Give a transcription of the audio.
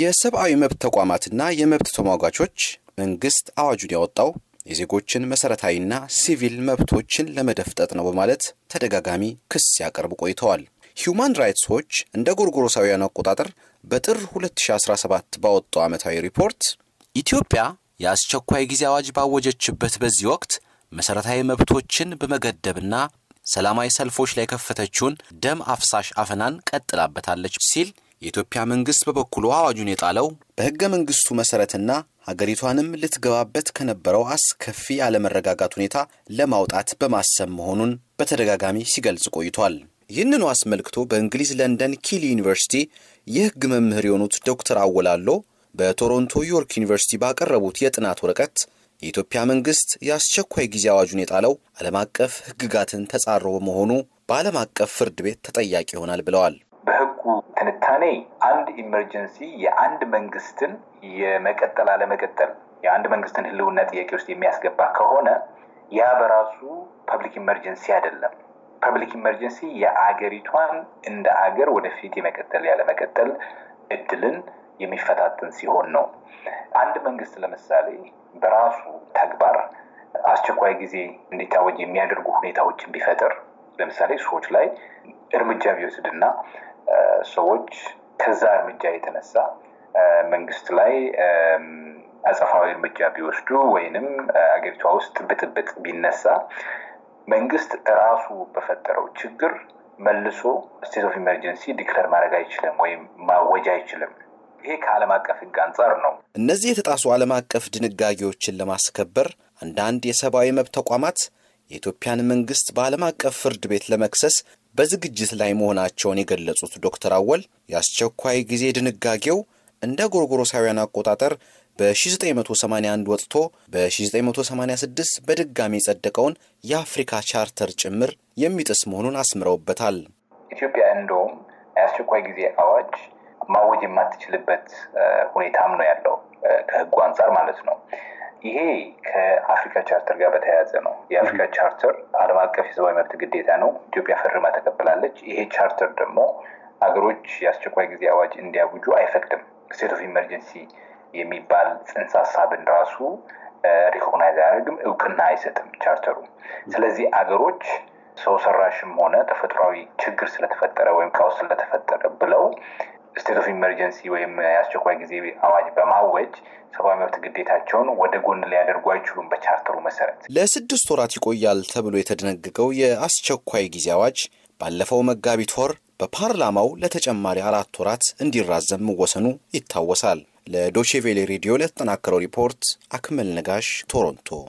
የሰብአዊ መብት ተቋማትና የመብት ተሟጋቾች መንግስት አዋጁን ያወጣው የዜጎችን መሰረታዊና ሲቪል መብቶችን ለመደፍጠጥ ነው በማለት ተደጋጋሚ ክስ ያቀርቡ ቆይተዋል። ሂዩማን ራይትስ ዎች እንደ ጎርጎሮሳውያኑ አቆጣጠር በጥር 2017 ባወጣው ዓመታዊ ሪፖርት ኢትዮጵያ የአስቸኳይ ጊዜ አዋጅ ባወጀችበት በዚህ ወቅት መሰረታዊ መብቶችን በመገደብና ሰላማዊ ሰልፎች ላይ የከፈተችውን ደም አፍሳሽ አፈናን ቀጥላበታለች ሲል የኢትዮጵያ መንግስት በበኩሉ አዋጁን የጣለው በህገ መንግስቱ መሰረትና ሀገሪቷንም ልትገባበት ከነበረው አስከፊ ያለመረጋጋት ሁኔታ ለማውጣት በማሰብ መሆኑን በተደጋጋሚ ሲገልጽ ቆይቷል። ይህንኑ አስመልክቶ በእንግሊዝ ለንደን ኪል ዩኒቨርሲቲ የህግ መምህር የሆኑት ዶክተር አወላሎ በቶሮንቶ ዮርክ ዩኒቨርሲቲ ባቀረቡት የጥናት ወረቀት የኢትዮጵያ መንግስት የአስቸኳይ ጊዜ አዋጁን የጣለው ዓለም አቀፍ ህግጋትን ተጻሮ በመሆኑ በዓለም አቀፍ ፍርድ ቤት ተጠያቂ ይሆናል ብለዋል። ውሳኔ አንድ ኢመርጀንሲ የአንድ መንግስትን የመቀጠል አለመቀጠል የአንድ መንግስትን ህልውና ጥያቄ ውስጥ የሚያስገባ ከሆነ ያ በራሱ ፐብሊክ ኢመርጀንሲ አይደለም። ፐብሊክ ኢመርጀንሲ የአገሪቷን እንደ አገር ወደፊት የመቀጠል ያለመቀጠል እድልን የሚፈታትን ሲሆን ነው። አንድ መንግስት ለምሳሌ በራሱ ተግባር አስቸኳይ ጊዜ እንዲታወጅ የሚያደርጉ ሁኔታዎችን ቢፈጥር ለምሳሌ ሰዎች ላይ እርምጃ ቢወስድና ሰዎች ከዛ እርምጃ የተነሳ መንግስት ላይ አጸፋዊ እርምጃ ቢወስዱ ወይንም አገሪቷ ውስጥ ብጥብጥ ቢነሳ መንግስት ራሱ በፈጠረው ችግር መልሶ ስቴት ኦፍ ኢመርጀንሲ ዲክለር ማድረግ አይችልም ወይም ማወጅ አይችልም። ይሄ ከዓለም አቀፍ ሕግ አንጻር ነው። እነዚህ የተጣሱ ዓለም አቀፍ ድንጋጌዎችን ለማስከበር አንዳንድ የሰብአዊ መብት ተቋማት የኢትዮጵያን መንግስት በዓለም አቀፍ ፍርድ ቤት ለመክሰስ በዝግጅት ላይ መሆናቸውን የገለጹት ዶክተር አወል የአስቸኳይ ጊዜ ድንጋጌው እንደ ጎርጎሮሳውያን አቆጣጠር በ1981 ወጥቶ በ1986 በድጋሚ የጸደቀውን የአፍሪካ ቻርተር ጭምር የሚጥስ መሆኑን አስምረውበታል። ኢትዮጵያ እንደውም የአስቸኳይ ጊዜ አዋጅ ማወጅ የማትችልበት ሁኔታም ነው ያለው ከህጉ አንጻር ማለት ነው። ይሄ ከአፍሪካ ቻርተር ጋር በተያያዘ ነው። የአፍሪካ ቻርተር ዓለም አቀፍ የሰብአዊ መብት ግዴታ ነው። ኢትዮጵያ ፈርማ ተቀብላለች። ይሄ ቻርተር ደግሞ ሀገሮች የአስቸኳይ ጊዜ አዋጅ እንዲያውጁ አይፈቅድም። ስቴት ኦፍ ኢመርጀንሲ የሚባል ጽንሰ ሀሳብን ራሱ ሪኮግናይዝ አያደርግም፣ እውቅና አይሰጥም ቻርተሩ። ስለዚህ አገሮች ሰው ሰራሽም ሆነ ተፈጥሯዊ ችግር ስለተፈጠረ ወይም ቀውስ ስለተፈጠረ ብለው ስቴት ኦፍ ኢመርጀንሲ ወይም የአስቸኳይ ጊዜ አዋጅ በማወጅ ሰብአዊ መብት ግዴታቸውን ወደ ጎን ሊያደርጉ አይችሉም። በቻርተሩ መሰረት ለስድስት ወራት ይቆያል ተብሎ የተደነገገው የአስቸኳይ ጊዜ አዋጅ ባለፈው መጋቢት ወር በፓርላማው ለተጨማሪ አራት ወራት እንዲራዘም መወሰኑ ይታወሳል። ለዶቼቬሌ ሬዲዮ ለተጠናከረው ሪፖርት አክመል ነጋሽ ቶሮንቶ